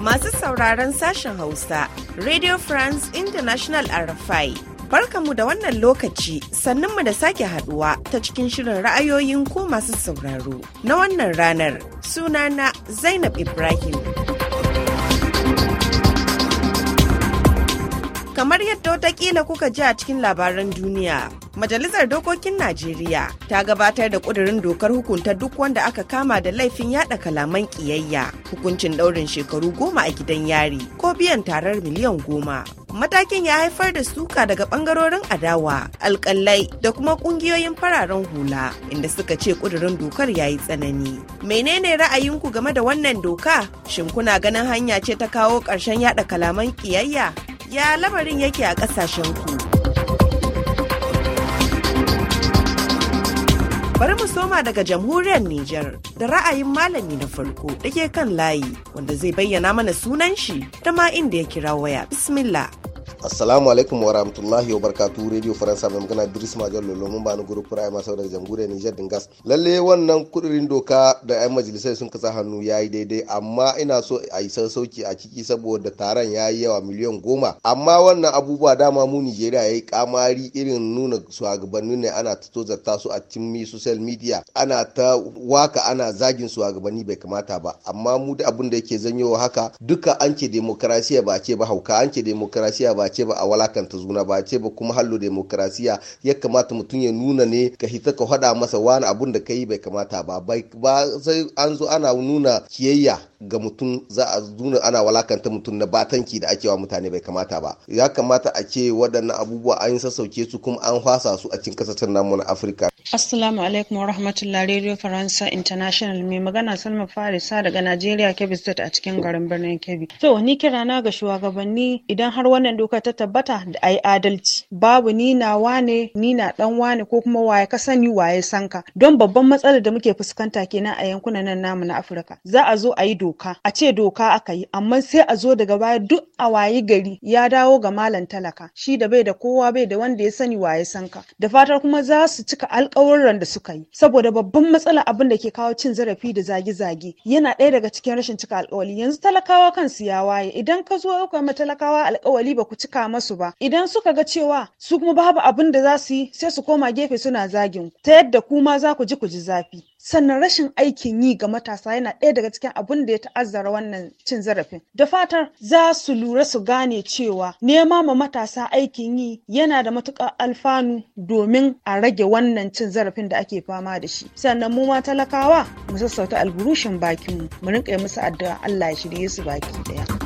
Masu sauraron sashen Hausa, Radio France International RFI. mu da wannan lokaci mu da sake haduwa ta cikin shirin ra'ayoyin ko masu sauraro na wannan ranar sunana Zainab Ibrahim. Kamar yadda wata ƙila kuka ji a cikin labaran duniya, Majalisar Dokokin Najeriya ta gabatar da ƙudurin dokar hukunta duk wanda aka kama da laifin yada kalaman ƙiyayya, hukuncin ɗaurin shekaru goma a gidan yari ko biyan tarar miliyan goma. Matakin ya haifar da suka daga ɓangarorin adawa, alƙalai da kuma ƙungiyoyin fararen hula inda suka ce ƙudurin dokar ya yi tsanani. Menene ra'ayinku game da wannan doka? Shin kuna ganin hanya ce ta kawo ƙarshen yada kalaman ƙiyayya? Ya lamarin yake a ƙasashenku ku. Bari mu soma daga jamhuriyar Nijar da ra'ayin malami na farko da ke kan layi wanda zai bayyana mana sunan shi da ma inda ya kira waya. Bismillah. assalamu alaikum wa rahmatullahi wa barkatu radio faransa mai magana idris majal lolo mun bani guru prime masu daga jamhuriyar nijar dingas lalle wannan kudirin doka da yan majalisai sun kasa hannu ya yi daidai amma ina so a yi sassauci a ciki saboda taron ya yi yawa miliyan goma amma wannan abubuwa dama mu nigeria ya kamari irin nuna shugabanni ne ana ta zarta su a cimmi social media ana ta waka ana zagin shugabanni bai kamata ba amma mu da abin da yake zanyowa haka duka an ce demokarasiya ba ce ba hauka an ce demokarasiya ba ce ba a walakanta zuna ba ce ba kuma hallo demokrasiya ya kamata mutum ya nuna ne ka hita ka faɗa masa wani abun da kai bai kamata ba ba sai an zo ana nuna kiyayya ga mutum za a nuna ana walakanta mutum na batanki da ake wa mutane bai kamata ba ya kamata a ce waɗannan abubuwa an sassauke su kuma an fasa su a cikin kasashen namu na afirka assalamu alaikum wa rahmatullah radio faransa international mai magana salma farisa daga najeriya kebbi state a cikin garin birnin kebbi to ni kira na ga shugabanni idan har wannan doka ta tabbata da ayi adalci babu ni na wane ni na dan wane ko kuma waye ka sani waye sanka don babban matsalar da muke fuskanta kenan a yankunan nan namu na Afirka za a zo a yi doka a ce doka aka yi amma sai a zo daga baya duk a wayi gari ya dawo ga malam talaka shi da bai da kowa bai da wanda ya sani waye sanka da fatar kuma za su cika alkawurran da suka yi saboda babban matsala abin da ke kawo cin zarafi da zage-zage yana ɗaya daga cikin rashin cika alkawali yanzu talakawa kansu ya waye idan ka zo ka ma talakawa alkawali ba ku cika saka masu ba idan suka ga cewa su kuma babu abin da za su yi sai su koma gefe suna zagin ta yadda kuma za ku ji ku ji zafi sannan rashin aikin yi ga matasa yana ɗaya daga cikin abin da ya ta'azzara wannan cin zarafin da fatar za su lura su gane cewa nema ma matasa aikin yi yana da matuƙar alfanu domin a rage wannan cin zarafin da ake fama da shi sannan mu ma talakawa mu sassauta alburushin bakinmu mu rinƙa musu addu'a Allah ya shirye su baki ɗaya.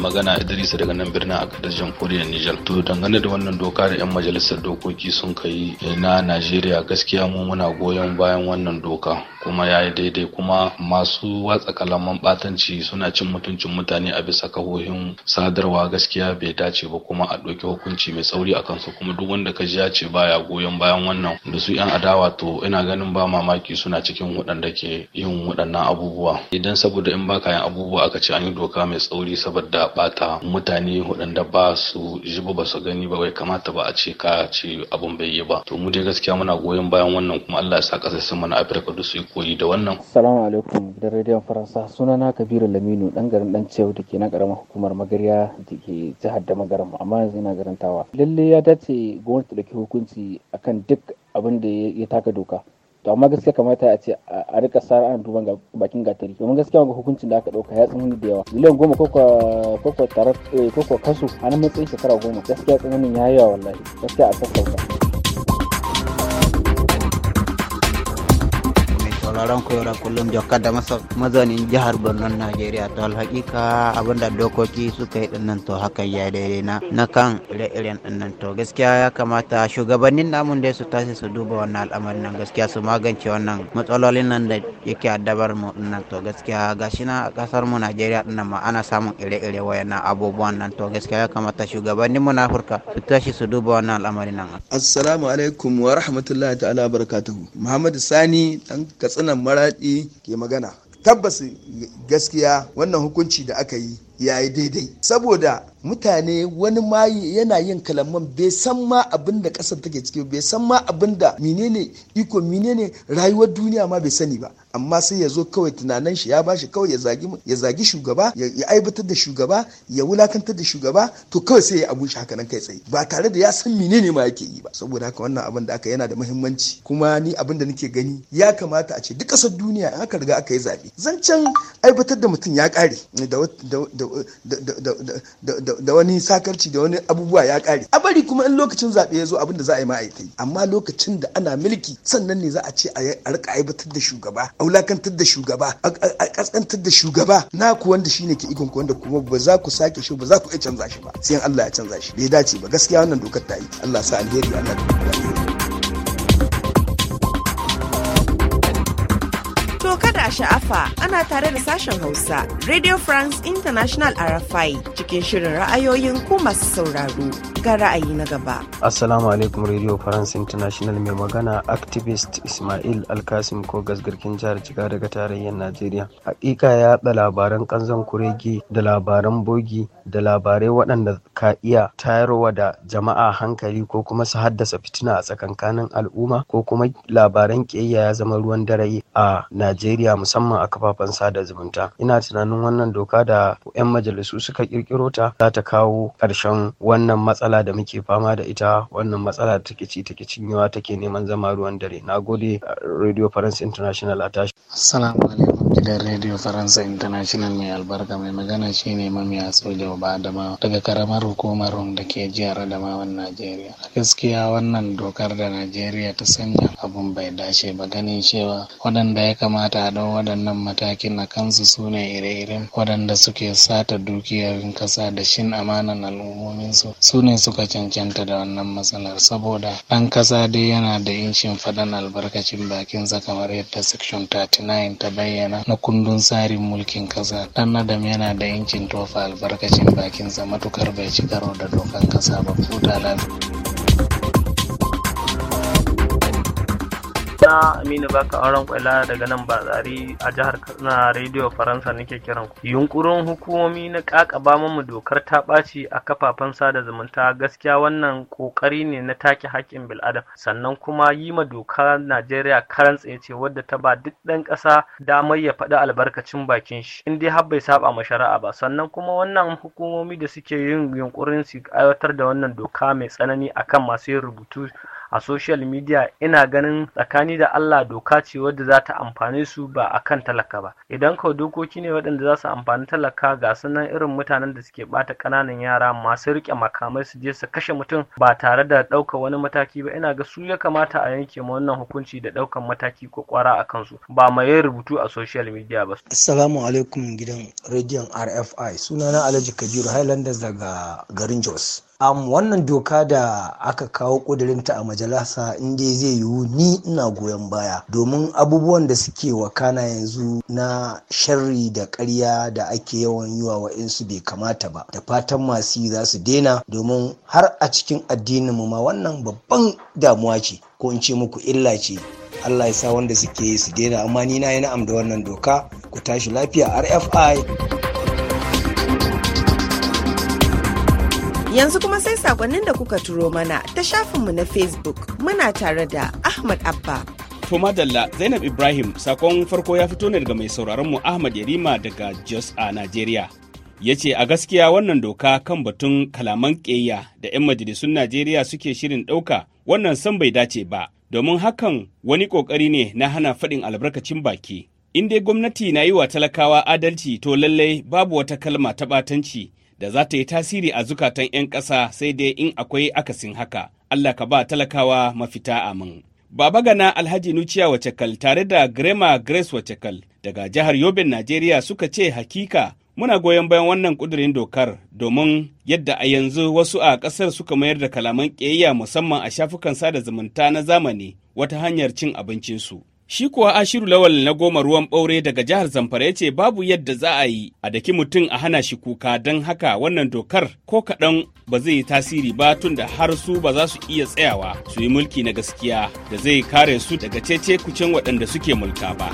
magana idris daga nan birnin a Akadar Jamhuriyar Nijar. To dangane da wannan doka da 'yan majalisar dokoki sun kai eh, na Najeriya gaskiya mu muna goyon bayan wannan doka. kuma ya yi daidai kuma masu watsa kalaman batanci suna cin mutuncin mutane a bisa kahohin sadarwa gaskiya bai dace ba kuma a ɗauki hukunci mai tsauri a kansu kuma duk wanda ka ji ya ce baya goyon bayan wannan da su 'yan adawa to ina ganin ba mamaki suna cikin waɗanda ke yin waɗannan abubuwa idan saboda in baka yin abubuwa aka ce an yi doka mai tsauri saboda bata mutane waɗanda ba su ji ba su gani ba bai kamata ba a ce ka ce abun bai yi ba to mu dai gaskiya muna goyon bayan wannan kuma Allah ya sa ƙasashen mana Afirka duk su yi koyi da wannan. Salamu alaikum da rediyon Faransa sunana Kabiru Laminu dan garin dan Cewu da ke na karamar hukumar Magarya da ke jihar da Magaram amma yanzu ina garantawa. Lalle ya dace gwamnati da ke hukunci akan duk abin da ya taka doka. to amma gaskiya kamata a ce a rika sara ana duban bakin gatari domin gaskiya ga hukuncin da aka ɗauka ya tsanani da yawa miliyan goma ko ko tarar eh, ko kasu a nan matsayin shekara goma gaskiya tsananin ya yawa wallahi gaskiya a sassauta sauraron ku kullum jokar da mazaunin jihar birnin Najeriya to alhakika abinda dokoki suka yi dinnan to hakan ya daidai na na kan ire-iren dinnan to gaskiya ya kamata shugabannin namun da su tashi su duba wannan al'amarin nan gaskiya su magance wannan matsalolin nan da yake addabar mu dinnan to gaskiya gashi na a kasar mu Najeriya dinnan ma ana samun ire-ire wayannan abubuwan nan to gaskiya ya kamata shugabannin mu na Afirka su tashi su duba wannan al'amarin nan assalamu alaikum wa rahmatullahi ta'ala barakatuhu Muhammad Sani dan katsa katsinan maraɗi ke magana tabbas gaskiya wannan hukunci da aka yi ya yi daidai saboda mutane wani ma yana yin kalaman bai san ma abin da kasar take ciki bai san ma abin da menene iko menene rayuwar duniya ma bai sani ba amma sai ya zo kawai tunanin shi ya bashi kawai ya zagi shugaba ya aibatar da shugaba ya wulakantar da shugaba to kawai sai ya abu shi haka kai tsaye ba tare da ya san menene ma yake yi ba saboda haka wannan abin da aka yana da muhimmanci kuma ni abin da nake gani ya kamata a ce duk kasar duniya in aka riga aka yi zabe zancen aibatar da mutum ya kare. da da wani sakarci da wani abubuwa ya kare a bari kuma in lokacin zaɓe ya zo abin da za a yi ma'aikai amma lokacin da ana mulki sannan ne za a ce a rika aibatar da shugaba a wulakantar da shugaba a ƙasƙantar da shugaba na ku wanda shine ke ikon ku wanda kuma ba za ku sake shi ba za ku iya canza shi ba sai Allah ya canza shi bai dace ba gaskiya wannan dokar ta yi Allah sa alheri Allah ya To kada a sha'afa ana tare da sashen Hausa, Radio France International RFI cikin shirin ra'ayoyin ku masu sauraro ga ra'ayi na gaba. Assalamu alaikum Radio France International mai magana activist Ismail Alkasim ko gasgarkin jihar Jiga daga tarayyar Najeriya. Hakika ya labaran kanzon kuregi da labaran bogi da labarai waɗanda ka iya tayarwa da jama'a hankali ko kuma su haddasa fitina a tsakankanin al'umma ko kuma labaran ƙiyayya ya zama ruwan dare a Najeriya musamman a kafafen sada zumunta. Ina tunanin wannan doka da 'yan majalisu suka ƙirƙiro ta za ta kawo ƙarshen wannan matsala da muke fama da ita wannan matsala da take ci take cinyewa take neman zama ruwan dare. Na gode uh, Radio France International a tashi. Assalamu alaikum. Gidan Rediyo Faransa International mai albarka mai magana shine Mamiya Soja Uba Adamawa daga karamar hukumar Rum da ke jihar Adamawan Najeriya. A gaskiya wannan dokar da Najeriya ta sanya abun bai dace ba ganin cewa waɗanda ya kamata a ɗau waɗannan matakin na kansu su ne ire-iren waɗanda suke sata dukiyar kasa da shin amanan al'ummominsu su ne suka cancanta da wannan matsalar saboda ɗan kasa dai yana da yancin faɗan albarkacin bakinsa kamar yadda section 39 ta bayyana na kundin tsarin mulkin kasa ɗan adam yana da yankin tofa albarkacin bakin zama matukar bai ci karo da dokan kasa ba futa lafiya. na Aminu Baka auren kwaila daga nan Batsari a jihar Katsina Radio Faransa nake kiran ku. Yunkurin hukumomi na ba mu dokar ta ɓaci a kafafen sada zumunta gaskiya wannan kokari ne na take haƙƙin bil'adam sannan kuma yi ma doka Najeriya karan ce wadda ta ba duk ɗan ƙasa damar ya faɗi albarkacin bakin shi in dai har bai saba ma shari'a ba sannan kuma wannan hukumomi da suke yin yunkurin su aiwatar da wannan doka mai tsanani akan masu yin rubutu a social media ina ganin tsakani da Allah doka ce wadda za ta amfane su ba a kan talaka ba idan kawai dokoki ne waɗanda za su amfani talaka ga sunan irin mutanen da suke bata ƙananan yara masu riƙe makamai su je su kashe mutum ba tare da ɗaukar wani mataki ba ina ga su ya kamata a yanke ma wannan hukunci da ɗaukar mataki ko ƙwara a kansu ba ma yin rubutu a social media ba. Assalamu alaikum gidan rediyon RFI sunana Alhaji Kabiru Highlanders daga garin Jos. um, wannan doka da aka kawo ƙudirinta a majalasa inda zai yiwu ni ina goyon baya domin abubuwan da suke wakana yanzu na sharri da ƙarya da ake yawan yi wa wa'insu bai kamata ba da fatan masu yi za su daina domin har a cikin addinin mu ma wannan babban damuwa ce ko in ce muku illa ce Allah ya sa wanda suke su daina amma ni na yi na'am da wannan doka ku tashi lafiya RFI Yanzu kuma sai sakonnin da kuka turo mana ta shafinmu na Facebook muna tare da Ahmad Abba. To madalla Zainab Ibrahim sakon farko ya fito ne daga mai sauraronmu Ahmad Yarima daga Jos a Najeriya. Ya ce a gaskiya wannan doka kan batun kalaman ƙeya da 'yan majalisun Najeriya suke shirin ɗauka wannan san bai dace ba domin hakan wani ƙoƙari ne na hana faɗin albarkacin baki. In dai gwamnati na yi wa talakawa adalci to lallai babu wata kalma ta ɓatanci da za ta yi tasiri a zukatan 'yan ƙasa sai dai in akwai akasin haka. Allah ka ba talakawa mafita amin. Baba Gana Alhaji Nuciya Wacekal tare da Grema Grace Wacekal daga jihar Yobin Najeriya suka ce hakika muna goyon bayan wannan kudirin dokar domin yadda a yanzu wasu a ƙasar suka mayar da kalaman ƙiyayya musamman a shafukan sada zumunta na zamani wata hanyar cin abincinsu. Shi kuwa Ashiru Lawal na goma ruwan ɓaure daga jihar Zamfara ya ce babu yadda za a yi a daki mutum a hana shi kuka don haka wannan dokar ko kaɗan ba zai yi tasiri ba tun da har su ba za su iya tsayawa su yi mulki na gaskiya da zai kare su daga cece kucin waɗanda suke mulka ba.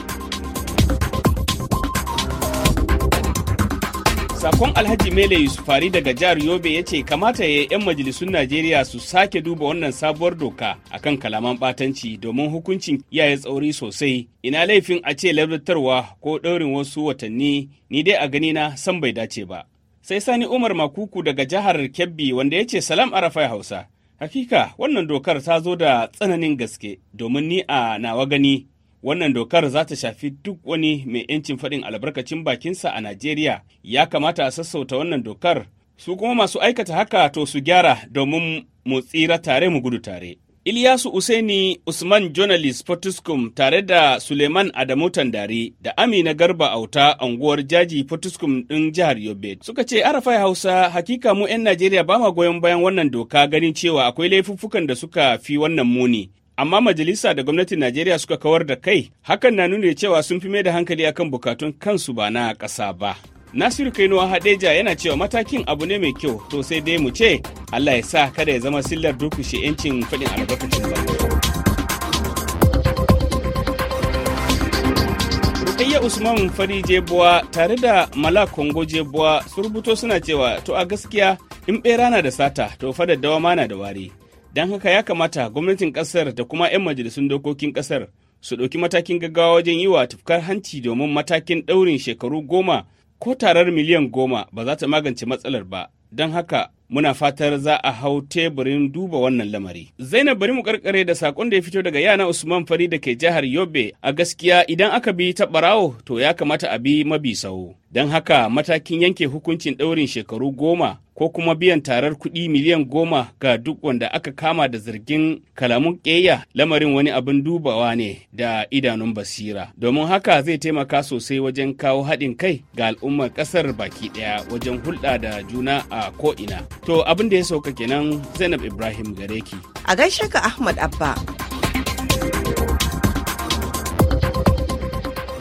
Sakon Alhaji Mele Yusufari daga jihar Yobe ya ce kamata ya 'yan majalisun Najeriya su sake duba wannan sabuwar doka akan kalaman batanci domin hukuncin yi tsauri sosai. Ina laifin a ce labtarwa ko ɗaurin wasu watanni ni dai a gani na san bai dace ba. Sai Sani Umar Makuku daga jihar Kebbi wanda ya ce salam Arafai Hausa. Hakika wannan dokar ta zo da tsananin gaske domin ni a nawa gani Wannan dokar za ta shafi duk wani mai 'yancin faɗin albarkacin bakinsa a Najeriya. Ya kamata a sassauta wannan dokar. Su kuma masu aikata haka to su gyara domin mu tsira tare mu gudu tare. Ilyasu Usaini Usman Journalist Fortiskum tare da Suleiman Adamu Tandari da Amina Garba Auta unguwar jaji Fortiskum ɗin jihar Yobe suka ce Arafai Hausa hakika mu 'yan Najeriya ba ma goyon bayan wannan doka ganin cewa akwai laifuffukan da suka fi wannan muni amma majalisa da gwamnatin Najeriya suka kawar da kai hakan na nuna cewa sun fi mai da hankali akan bukatun kansu ba na ƙasa ba. Nasiru Kainuwa Hadeja yana cewa matakin abu ne mai kyau to sai dai mu ce Allah ya sa kada ya zama sillar durkushe 'yancin faɗin albarkacin ba. Rukayya Usman Fari Jebuwa tare da Mala Kongo Jebuwa su rubuto suna cewa to a gaskiya in bera na da sata to fadar daddawa ma na da wari. don haka ya kamata gwamnatin kasar da kuma 'yan majalisun dokokin kasar su ɗauki matakin gaggawa wajen yi wa tufkar hanci domin matakin ɗaurin shekaru goma ko tarar miliyan goma ba za ta magance matsalar ba don haka muna fatar za a hau teburin duba wannan lamari. Zainab bari mu karkare da sakon da ya fito daga yana Usman Fari da ke jihar Yobe a gaskiya idan aka bi ta barawo to ya kamata a bi mabi sau. Don haka matakin yanke hukuncin ɗaurin shekaru goma ko kuma biyan tarar kuɗi miliyan goma ga duk wanda aka kama da zargin kalamun ƙeya lamarin wani abin dubawa ne da idanun basira domin haka zai taimaka sosai wajen kawo haɗin kai ga al'ummar ƙasar baki ɗaya wajen hulɗa da juna a ko'ina to abin da ya sauka kenan zainab ibrahim gareki a gaishe ka ahmad abba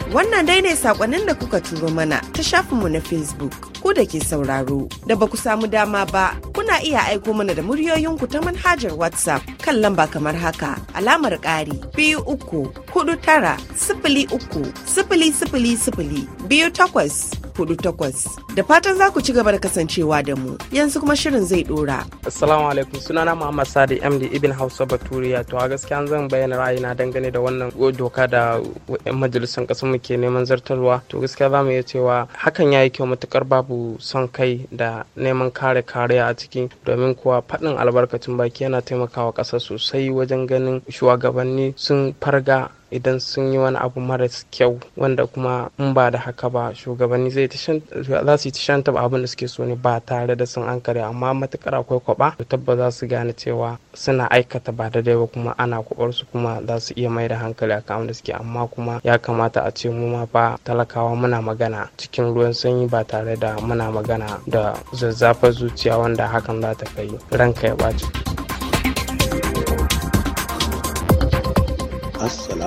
Wannan dai ne saƙonnin da kuka turo mana ta shafinmu na Facebook ku da ke sauraro da ba ku samu dama ba kuna iya aiko mana da muryoyinku ta manhajar WhatsApp kan lamba kamar haka alamar ƙari biyu uku hudu tara sifili uku sifili sifili sifili biyu takwas 48. Da fatan za ku ci gaba da kasancewa da mu. Yanzu kuma shirin zai dora. Assalamu alaikum sunana Muhammad Sadi MD Ibn Hausa Baturiya to a gaskiya zan bayyana ra'ayina dangane da wannan doka da majalisar kasar muke neman zartarwa to gaskiya za mu iya cewa hakan ya yi kyau matukar babu son kai da neman kare kariya a ciki domin kuwa faɗin albarkacin baki yana taimakawa ƙasa sosai wajen ganin shugabanni sun farga idan sun yi wani abu maras kyau wanda kuma in ba da haka ba shugabanni zai za su yi ta shanta abin da suke so ne ba tare da sun an kare amma matukar akwai kwaba to tabba za su gane cewa suna aikata ba da daidai ba kuma ana kwabar su kuma za su iya mai da hankali a da suke amma kuma ya kamata a ce mu ma fa talakawa muna magana cikin ruwan sanyi ba tare da muna magana da zazzafar zuciya wanda hakan za ta kai ranka ya baci.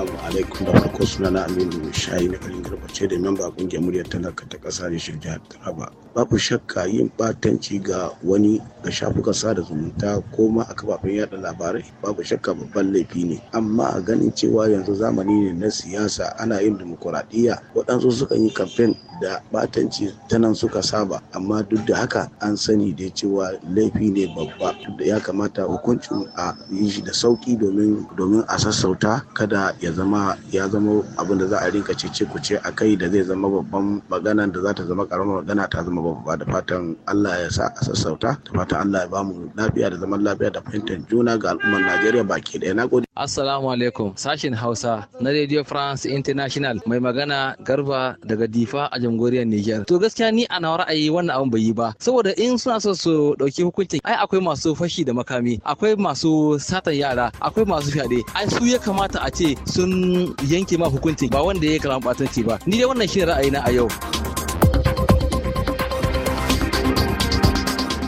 Assalamu alaikum da farko suna na Aminu Shayi na garin Garbace da memba kungiyar muryar talaka ta ƙasa da shirin jihar Taraba. Babu shakka yin batanci ga wani ga shafukan sada zumunta ko ma a kafafen yada labarai babu shakka babban laifi ne. Amma a ganin cewa yanzu zamani ne na siyasa ana yin dimokuraɗiyya waɗansu sukan yi kamfen da batanci ta nan suka saba amma duk da haka an sani da cewa laifi ne babba da ya kamata hukuncin a yi shi da sauki domin a sassauta kada ya zama ya zama abin da za a rinka cece kuce a kai da zai zama babban magana da za ta zama karamar magana ta zama babba da fatan Allah ya sa a sassauta da fatan Allah ya bamu lafiya da zaman lafiya da fahimtar juna ga al'ummar Najeriya baki ɗaya na gode Assalamu alaikum sashin Hausa na Radio France International mai magana Garba daga Difa a jamhuriyar Niger. To gaskiya ni a nawa ra'ayi wannan abin bai yi ba saboda in suna so su dauki hukunci ai akwai masu fashi da makami, akwai masu satan yara, akwai masu fyaɗe. Ai su ya kamata a ce sun yanke ma hukunci ba wanda ya karama batanci ba. Ni dai wannan shine ra'ayi na a yau.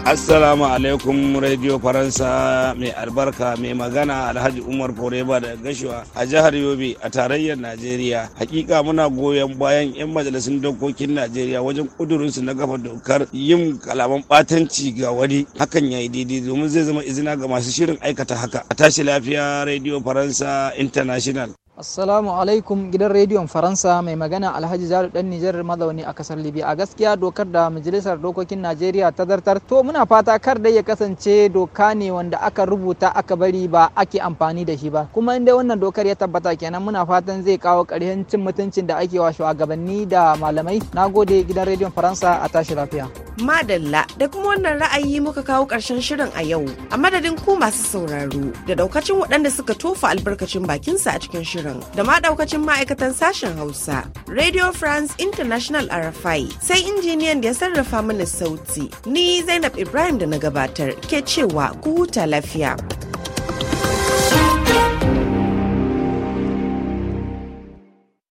Assalamu alaikum Radio Faransa mai albarka mai magana Alhaji Umar Foreba da Gashuwa a jihar Yobe a tarayyar Najeriya. Hakika muna goyon bayan 'yan majalisun dokokin Najeriya wajen kudurin su na kafa dokar yin kalaman batanci ga wani hakan yayi daidai domin zai zama izina ga masu shirin aikata haka. A tashi lafiya Radio Faransa International. assalamu alaikum gidan rediyon faransa mai magana alhaji Jalu dan nijar mazauni a kasar libya a gaskiya dokar da majalisar dokokin najeriya ta zartar to muna fata kar dai ya kasance doka ne wanda aka rubuta aka bari ba ake amfani da shi ba kuma in inda wannan dokar ya tabbata kenan muna fatan zai kawo ƙarshen cin mutuncin da ake wa shugabanni da malamai nagode gidan rediyon faransa a tashi lafiya madalla da kuma wannan ra'ayi muka kawo ƙarshen shirin a yau a madadin ku masu sauraro da daukacin waɗanda suka tofa albarkacin bakinsa a cikin shirin da ma daukacin ma'aikatan sashen hausa radio france international rfi sai injiniyan da ya sarrafa mana sauti ni zainab ibrahim da na gabatar ke cewa ku huta lafiya.